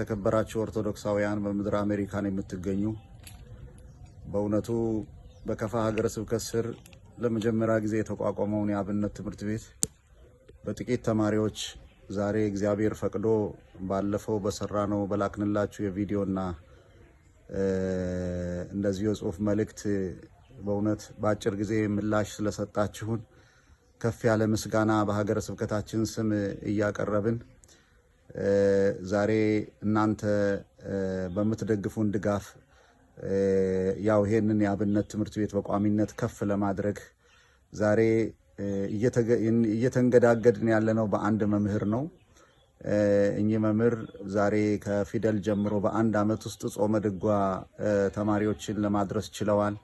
የተከበራችሁ ኦርቶዶክሳውያን በምድር አሜሪካን የምትገኙ በእውነቱ በከፋ ሀገረ ስብከት ስር ለመጀመሪያ ጊዜ የተቋቋመውን የአብነት ትምህርት ቤት በጥቂት ተማሪዎች ዛሬ እግዚአብሔር ፈቅዶ ባለፈው በሰራ ነው በላክንላችሁ የቪዲዮና እንደዚሁ የጽሁፍ መልእክት በእውነት በአጭር ጊዜ ምላሽ ስለሰጣችሁን ከፍ ያለ ምስጋና በሀገረ ስብከታችን ስም እያቀረብን ዛሬ እናንተ በምትደግፉን ድጋፍ ያው ይሄንን የአብነት ትምህርት ቤት በቋሚነት ከፍ ለማድረግ ዛሬ እየተንገዳገድን ያለነው በአንድ መምህር ነው። እኚህ መምህር ዛሬ ከፊደል ጀምሮ በአንድ ዓመት ውስጥ ጾመ ድጓ ተማሪዎችን ለማድረስ ችለዋል።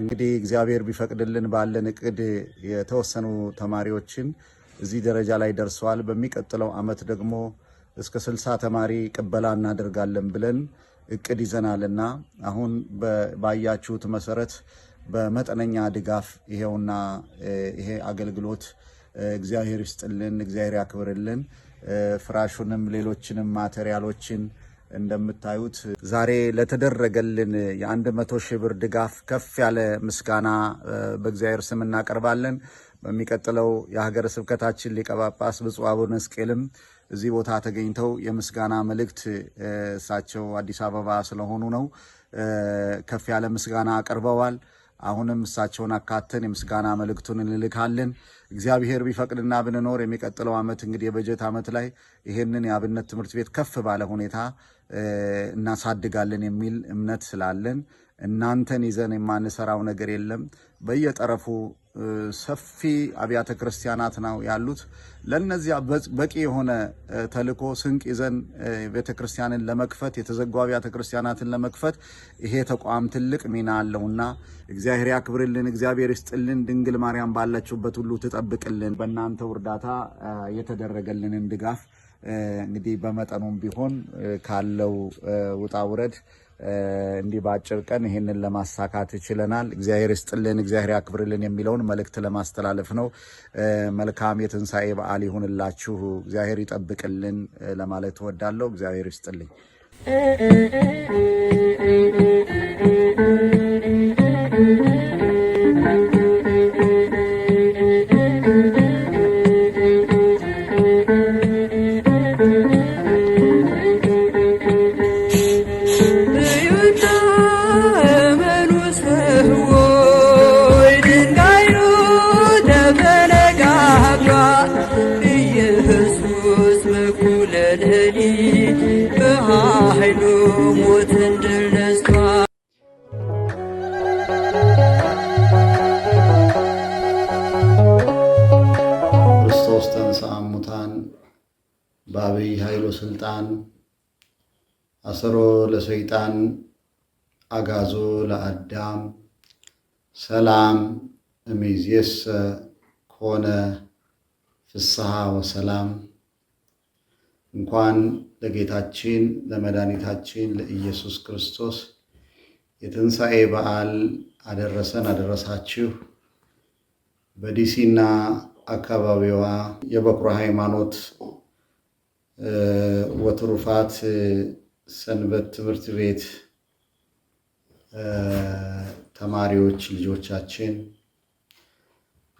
እንግዲህ እግዚአብሔር ቢፈቅድልን ባለን እቅድ የተወሰኑ ተማሪዎችን እዚህ ደረጃ ላይ ደርሰዋል። በሚቀጥለው ዓመት ደግሞ እስከ ስልሳ ተማሪ ቅበላ እናደርጋለን ብለን እቅድ ይዘናልና አሁን ባያችሁት መሰረት በመጠነኛ ድጋፍ ይሄውና ይሄ አገልግሎት እግዚአብሔር ይስጥልን፣ እግዚአብሔር ያክብርልን። ፍራሹንም ሌሎችንም ማቴሪያሎችን እንደምታዩት ዛሬ ለተደረገልን የአንድ መቶ ሺህ ብር ድጋፍ ከፍ ያለ ምስጋና በእግዚአብሔር ስም እናቀርባለን። በሚቀጥለው የሀገረ ስብከታችን ሊቀጳጳስ ጳጳስ ብፁዕ አቡነ ስቅልም እዚህ ቦታ ተገኝተው የምስጋና መልእክት እሳቸው አዲስ አበባ ስለሆኑ ነው ከፍ ያለ ምስጋና አቅርበዋል። አሁንም እሳቸውን አካተን የምስጋና መልእክቱን እንልካለን። እግዚአብሔር ቢፈቅድና ብንኖር የሚቀጥለው ዓመት እንግዲህ የበጀት ዓመት ላይ ይሄንን የአብነት ትምህርት ቤት ከፍ ባለ ሁኔታ እናሳድጋለን የሚል እምነት ስላለን እናንተን ይዘን የማንሰራው ነገር የለም። በየጠረፉ ሰፊ አብያተ ክርስቲያናት ነው ያሉት። ለነዚያ በቂ የሆነ ተልእኮ ስንቅ ይዘን ቤተ ክርስቲያንን ለመክፈት የተዘጉ አብያተ ክርስቲያናትን ለመክፈት ይሄ ተቋም ትልቅ ሚና አለውና እግዚአብሔር ያክብርልን፣ እግዚአብሔር ይስጥልን፣ ድንግል ማርያም ባለችበት ሁሉ ትጠብቅልን። በእናንተው እርዳታ የተደረገልንን ድጋፍ እንግዲህ በመጠኑም ቢሆን ካለው ውጣ ውረድ እንዲህ በአጭር ቀን ይህንን ለማሳካት ችለናል። እግዚአብሔር ይስጥልን፣ እግዚአብሔር ያክብርልን የሚለውን መልእክት ለማስተላለፍ ነው። መልካም የትንሣኤ በዓል ይሁንላችሁ፣ እግዚአብሔር ይጠብቅልን ለማለት እወዳለሁ። እግዚአብሔር ይስጥልኝ። እኩለ ሌሊት በኃይሉ ሞትን ድል ነስቷል። ክርስቶስ ተንሥአ እሙታን በአብይ ኃይሉ ስልጣን አሰሮ ለሰይጣን አጋዞ ለአዳም ሰላም እሚዜሰ ኮነ ፍስሐ ወሰላም እንኳን ለጌታችን ለመድኃኒታችን ለኢየሱስ ክርስቶስ የትንሣኤ በዓል አደረሰን አደረሳችሁ። በዲሲና አካባቢዋ የበኩረ ሃይማኖት ወትሩፋት ሰንበት ትምህርት ቤት ተማሪዎች ልጆቻችን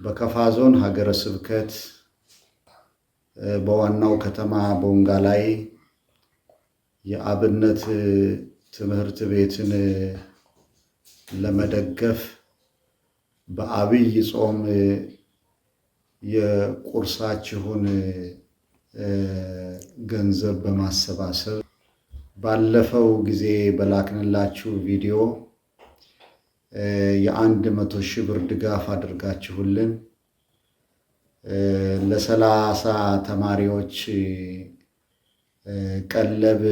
በከፋ ዞን ሀገረ ስብከት በዋናው ከተማ ቦንጋ ላይ የአብነት ትምህርት ቤትን ለመደገፍ በአብይ ጾም የቁርሳችሁን ገንዘብ በማሰባሰብ ባለፈው ጊዜ በላክንላችሁ ቪዲዮ የአንድ መቶ ሺህ ብር ድጋፍ አድርጋችሁልን ለሰላሳ ተማሪዎች ቀለብ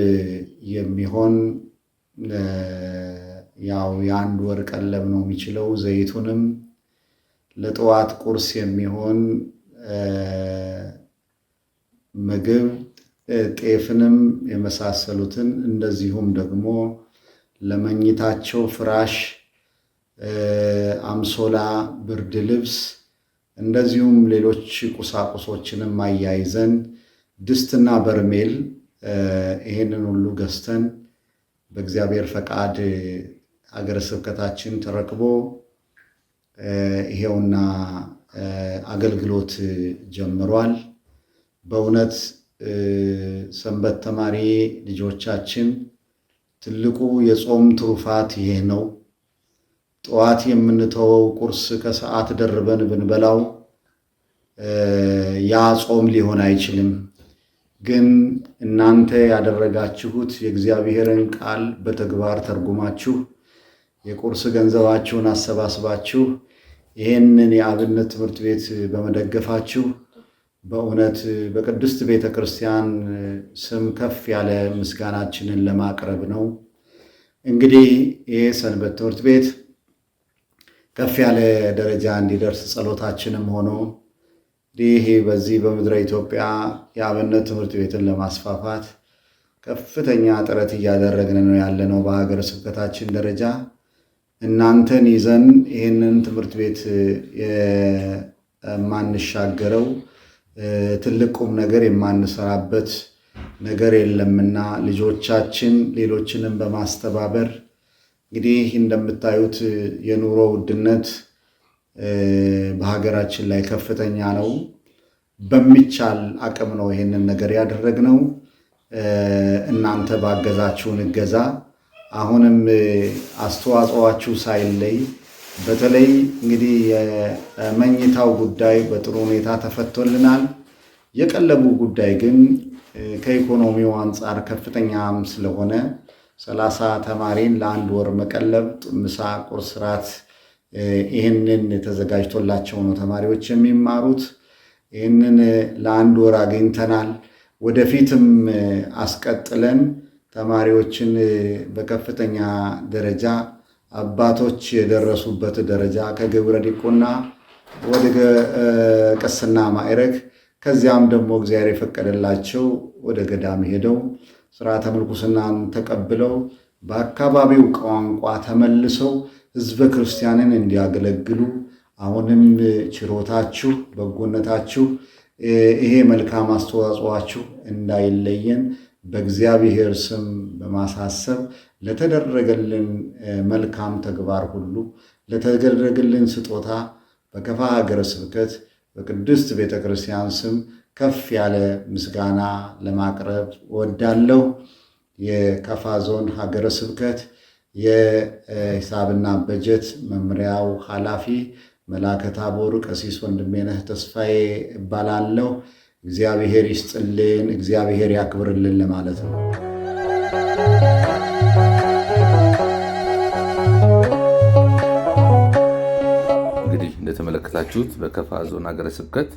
የሚሆን ያው የአንድ ወር ቀለብ ነው የሚችለው። ዘይቱንም ለጠዋት ቁርስ የሚሆን ምግብ ጤፍንም የመሳሰሉትን እንደዚሁም ደግሞ ለመኝታቸው ፍራሽ፣ አምሶላ፣ ብርድ ልብስ እንደዚሁም ሌሎች ቁሳቁሶችንም አያይዘን ድስትና በርሜል ይሄንን ሁሉ ገዝተን በእግዚአብሔር ፈቃድ አገረ ስብከታችን ተረክቦ ይሄውና አገልግሎት ጀምሯል። በእውነት ሰንበት ተማሪ ልጆቻችን ትልቁ የጾም ትሩፋት ይሄ ነው። ጠዋት የምንተወው ቁርስ ከሰዓት ደርበን ብንበላው ያ ጾም ሊሆን አይችልም። ግን እናንተ ያደረጋችሁት የእግዚአብሔርን ቃል በተግባር ተርጉማችሁ የቁርስ ገንዘባችሁን አሰባስባችሁ ይህንን የአብነት ትምህርት ቤት በመደገፋችሁ በእውነት በቅድስት ቤተ ክርስቲያን ስም ከፍ ያለ ምስጋናችንን ለማቅረብ ነው። እንግዲህ ይህ ሰንበት ትምህርት ቤት ከፍ ያለ ደረጃ እንዲደርስ ጸሎታችንም ሆኖ ይህ በዚህ በምድረ ኢትዮጵያ የአብነት ትምህርት ቤትን ለማስፋፋት ከፍተኛ ጥረት እያደረግን ነው ያለነው። በሀገረ ስብከታችን ደረጃ እናንተን ይዘን ይህንን ትምህርት ቤት የማንሻገረው ትልቅ ቁም ነገር የማንሰራበት ነገር የለምና ልጆቻችን ሌሎችንም በማስተባበር እንግዲህ እንደምታዩት የኑሮ ውድነት በሀገራችን ላይ ከፍተኛ ነው። በሚቻል አቅም ነው ይሄንን ነገር ያደረግነው። እናንተ ባገዛችሁን እገዛ አሁንም አስተዋጽዋችሁ ሳይለይ በተለይ እንግዲህ የመኝታው ጉዳይ በጥሩ ሁኔታ ተፈቶልናል። የቀለቡ ጉዳይ ግን ከኢኮኖሚው አንጻር ከፍተኛም ስለሆነ ሰላሳ ተማሪን ለአንድ ወር መቀለብ፣ ምሳ፣ ቁርስ፣ ራት ይህንን ተዘጋጅቶላቸው ነው ተማሪዎች የሚማሩት። ይህንን ለአንድ ወር አግኝተናል። ወደፊትም አስቀጥለን ተማሪዎችን በከፍተኛ ደረጃ አባቶች የደረሱበት ደረጃ ከግብረ ዲቁና ወደ ቅስና ማዕረግ ከዚያም ደግሞ እግዚአብሔር የፈቀደላቸው ወደ ገዳም ሄደው ስርዓተ ምንኩስናን ተቀብለው በአካባቢው ቋንቋ ተመልሰው ህዝበ ክርስቲያንን እንዲያገለግሉ አሁንም ችሮታችሁ፣ በጎነታችሁ፣ ይሄ መልካም አስተዋጽኋችሁ እንዳይለየን በእግዚአብሔር ስም በማሳሰብ ለተደረገልን መልካም ተግባር ሁሉ ለተደረገልን ስጦታ በከፋ ሀገረ ስብከት በቅድስት ቤተ ክርስቲያን ስም ከፍ ያለ ምስጋና ለማቅረብ ወዳለው የከፋ ዞን ሀገረ ስብከት የሂሳብና በጀት መምሪያው ኃላፊ መላከ ታቦር ቀሲስ ወንድሜነህ ተስፋዬ እባላለሁ። እግዚአብሔር ይስጥልን፣ እግዚአብሔር ያክብርልን ለማለት ነው። እንግዲህ እንደተመለከታችሁት በከፋ ዞን ሀገረ ስብከት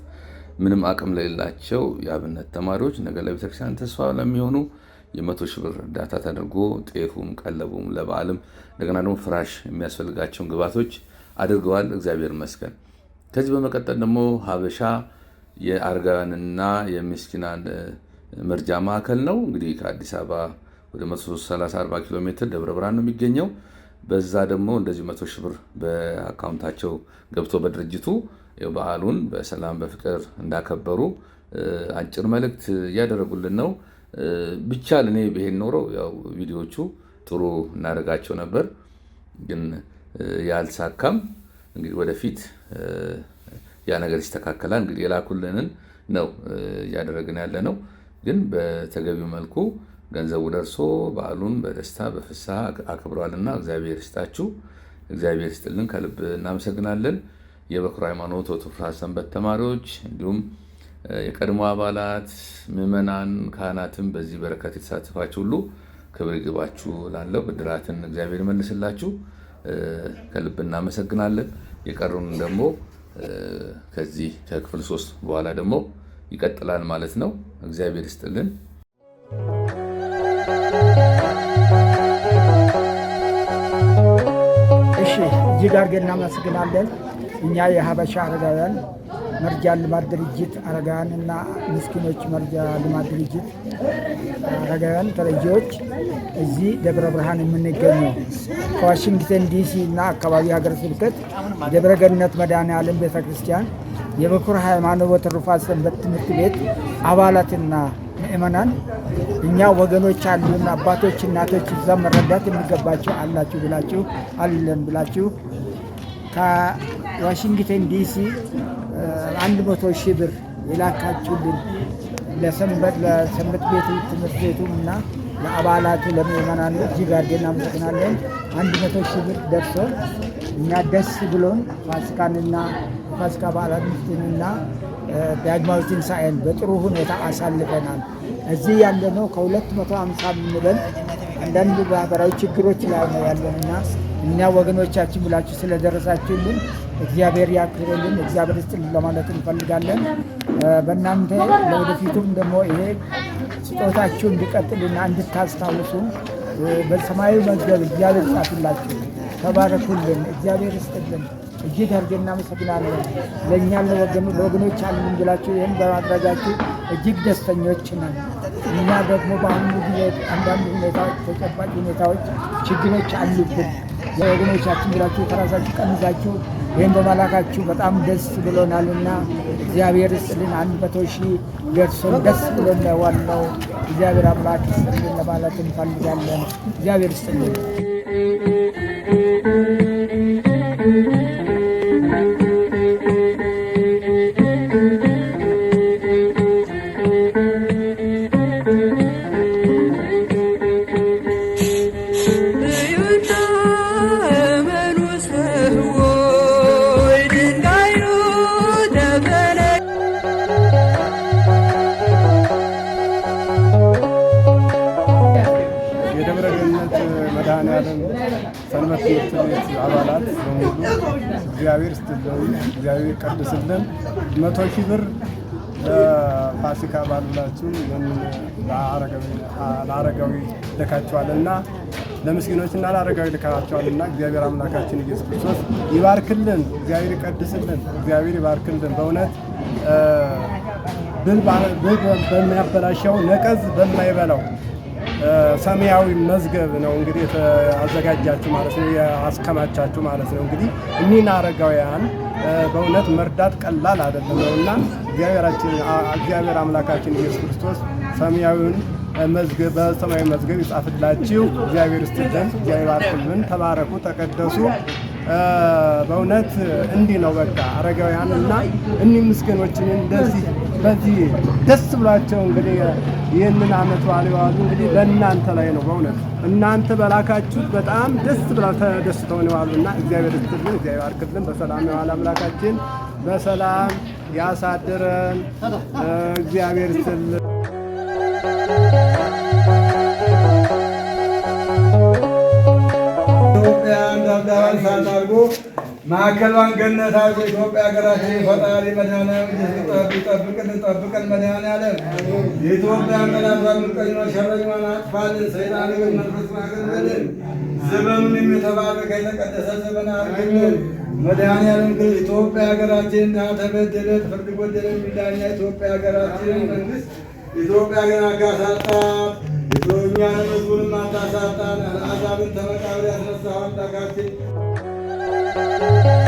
ምንም አቅም ለሌላቸው የአብነት ተማሪዎች ነገ ለቤተክርስቲያን ተስፋ ለሚሆኑ የመቶ ሺህ ብር እርዳታ ተደርጎ ጤፉም ቀለቡም ለበዓልም እንደገና ደግሞ ፍራሽ የሚያስፈልጋቸውን ግብዓቶች አድርገዋል። እግዚአብሔር ይመስገን። ከዚህ በመቀጠል ደግሞ ሀበሻ የአረጋውያንና የምስኪናን መርጃ ማዕከል ነው። እንግዲህ ከአዲስ አበባ ወደ 134 ኪሎ ሜትር ደብረ ብርሃን ነው የሚገኘው። በዛ ደግሞ እንደዚህ መቶ ሺህ ብር በአካውንታቸው ገብቶ በድርጅቱ በዓሉን በሰላም በፍቅር እንዳከበሩ አጭር መልእክት እያደረጉልን ነው። ብቻ ለእኔ ብሄን ኖረው ያው ቪዲዮቹ ጥሩ እናደርጋቸው ነበር፣ ግን ያልሳካም። እንግዲህ ወደፊት ያ ነገር ይስተካከላል። እንግዲህ የላኩልንን ነው እያደረግን ያለ ነው። ግን በተገቢው መልኩ ገንዘቡ ደርሶ በዓሉን በደስታ በፍስሐ አክብሯልና እግዚአብሔር ይስጣችሁ፣ እግዚአብሔር ይስጥልን። ከልብ እናመሰግናለን። የበኩር ሃይማኖት ወትሩፋት ሰንበት ተማሪዎች እንዲሁም የቀድሞ አባላት ምዕመናን፣ ካህናትም በዚህ በረከት የተሳተፋችሁ ሁሉ ክብር ይግባችሁ ላለው ብድራትን እግዚአብሔር ይመልስላችሁ። ከልብ እናመሰግናለን። የቀሩን ደግሞ ከዚህ ከክፍል ሶስት በኋላ ደግሞ ይቀጥላል ማለት ነው። እግዚአብሔር ይስጥልን። እሺ እጅግ አድርገን እናመሰግናለን። እኛ የሀበሻ አረጋውያን መርጃ ልማት ድርጅት አረጋውያን እና ምስኪኖች መርጃ ልማት ድርጅት አረጋውያን ተረጂዎች እዚህ ደብረ ብርሃን የምንገኘው ከዋሽንግተን ዲሲ እና አካባቢ ሀገረ ስብከት ደብረ ገነት መድኃኔ ዓለም ቤተ ክርስቲያን የበኩር ሃይማኖት ወትሩፋት ሰንበት ትምህርት ቤት አባላትና ምእመናን እኛ ወገኖች አሉን፣ አባቶች እናቶች፣ እዛ መረዳት የሚገባቸው አላችሁ ብላችሁ አለን ብላችሁ ዋሽንግተን ዲሲ አንድ መቶ ሺህ ብር የላካችሁልን ለሰንበት ለሰንበት ቤቱ ትምህርት ቤቱም እና ለአባላቱ ለምዕመናኑ እጅግ አድርገን እናመሰግናለን። አንድ መቶ ሺህ ብር ደርሶ እኛ ደስ ብሎን ፋሲካንና ፋሲካ በዓላት ምፍትንና ዳግማዊ ትንሣኤን በጥሩ ሁኔታ አሳልፈናል። እዚህ ያለነው ከሁለት መቶ ሀምሳ የምንበልጥ አንዳንድ ማህበራዊ ችግሮች ላይ ነው ያለን እና እኛ ወገኖቻችን ብላችሁ ስለደረሳችሁልን እግዚአብሔር ያክብርልን፣ እግዚአብሔር ይስጥልን ለማለት እንፈልጋለን። በእናንተ ለወደፊቱም ደግሞ ይሄ ስጦታችሁ እንዲቀጥልና እንድታስታውሱ በሰማያዊ መዝገብ እግዚአብሔር ጻፍላችሁ። ተባረኩልን፣ እግዚአብሔር ስጥልን። እጅግ አድርጌ እናመሰግናለን። ለእኛ ለወገኖች አለን ብላችሁ ይህን በማድረጋችሁ እጅግ ደስተኞች ነን። እኛ ደግሞ በአሁኑ ጊዜ አንዳንድ ሁኔታዎች ተጨባጭ ሁኔታዎች ችግሮች አሉብን። የወገኖቻችን ብላችሁ ከራሳችሁ ቀንሳችሁ ይህም በመላካችሁ በጣም ደስ ብሎናልና እግዚአብሔር ስልን አንድ መቶ ሺህ ደርሶ ደስ ብሎን ዋናው እግዚአብሔር አምላክ ስልን ለማለት እንፈልጋለን። እግዚአብሔር ስልን የትምህርት አባላት በሙሉ እግዚአብሔር ስትለውን እግዚአብሔር ቀድስልን። መቶ ሺህ ብር ፋሲካ ባሉላችሁ ለአረጋዊ ልካችኋልና ለምስኪኖችና ለአረጋዊ ልካችኋልና እግዚአብሔር አምላካችን ኢየሱስ ክርስቶስ ይባርክልን። እግዚአብሔር ይቀድስልን። እግዚአብሔር ይባርክልን። በእውነት ብል በሚያበላሸው ነቀዝ በማይበላው ሰማያዊ መዝገብ ነው እንግዲህ አዘጋጃችሁ ማለት ነው ያስከማቻችሁ ማለት ነው። እንግዲህ እኒህን አረጋውያን በእውነት መርዳት ቀላል አይደለም ነው እና እግዚአብሔር አምላካችን ኢየሱስ ክርስቶስ ሰማያዊውን መዝገብ በሰማያዊ መዝገብ ይጻፍላችሁ። እግዚአብሔር ይስጥልን፣ እግዚአብሔር ይባርክልን። ተባረኩ፣ ተቀደሱ። በእውነት እንዲህ ነው በቃ አረጋውያን እና እኒህ ምስገኖችን እንደዚህ በዚህ ደስ ብሏቸው እንግዲህ ይህንን አመት በዓል የዋሉ እንግዲህ በእናንተ ላይ ነው። በእውነት እናንተ በላካችሁት በጣም ደስ ብላ ተደስተውን እና እግዚአብሔር ይስጥልን፣ እግዚአብሔር አርክልን። በሰላም የዋለ አምላካችን በሰላም ያሳድረን። እግዚአብሔር ይስጥልን። ኢትዮጵያን ዳርዳራን ሳናርጎ ማዕከሏን ገነት አድርጎ ኢትዮጵያ ሀገራችን ፈጣሪ መድኃኒዓለም ይጠብቅን ጠብቅን። መድኃኒዓለም የኢትዮጵያን ጠላቷን ምቀኞ ሸረኛዋን አጥፋልን። ሰይጣን ግን መንፈስ ማገልገልን ዘመኑን የተባረከ የተቀደሰ ዘመን አድርግልን። መድኃኒዓለም ግን ኢትዮጵያ ሀገራችን እንዳተበደለ ፍርድ ጎደለ የሚዳኛ ኢትዮጵያ ሀገራችን መንግስት ኢትዮጵያ ሀገር አጋሳጣት ኢትዮጵያን ህዝቡንም አታሳጣን። አሕዛብን ከመቃብር ያስነሳሁ አምላካችን Thank you.